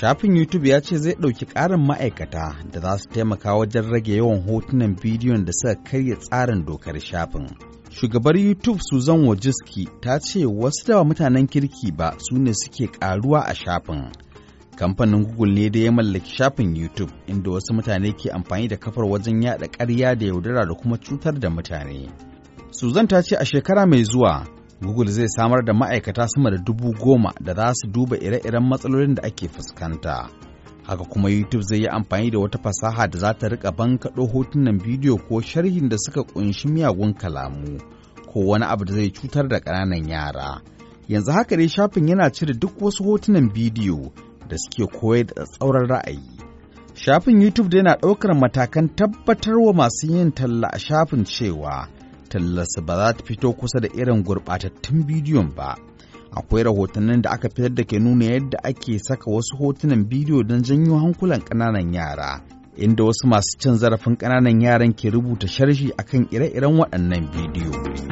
Shafin YouTube ya ce zai ɗauki ƙarin ma'aikata da za su taimaka wajen rage yawan hotunan bidiyon da suka karya tsarin dokar shafin. Shugabar YouTube Susan Wojcicki ta ce wasu da mutanen kirki ba su ne suke ƙaruwa a shafin. Kamfanin Google ne da ya mallaki shafin YouTube inda wasu mutane ke amfani da kafar wajen yaɗa ƙarya da yaudara da kuma cutar da mutane. Susan ta ce a shekara mai zuwa Google zai samar da ma'aikata sama da dubu goma da za su duba ire-iren matsalolin da ake fuskanta. Haka kuma YouTube zai yi amfani da wata fasaha da za ta rika bankaɗo hotunan bidiyo ko sharhin da suka ƙunshi miyagun kalamu ko wani abu da zai cutar da ƙananan yara. Yanzu haka dai shafin yana cire duk wasu hotunan bidiyo da suke koyar da tsauran ra'ayi. Shafin YouTube da yana ɗaukar matakan tabbatarwa masu yin talla a shafin cewa tallarsa ba za ta fito kusa da irin gurɓatattun bidiyon ba akwai rahotannin da aka fitar da ke nuna yadda ake saka wasu hotunan bidiyo don janyo hankulan ƙananan yara inda wasu masu cin zarafin ƙananan yaran ke rubuta sharhi akan ire-iren waɗannan bidiyo.